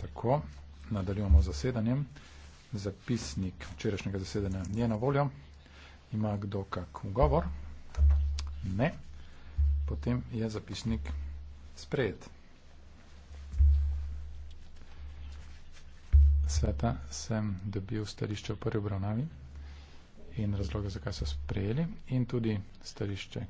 Tako, nadaljujemo z zasedanjem. Zapisnik včerajšnjega zasedanja je na voljo. Ima kdo kak govor? Ne. Potem je zapisnik sprejet. Sveta sem dobil stališče v prvi obravnavi in razloga, zakaj so sprejeli in tudi stališče.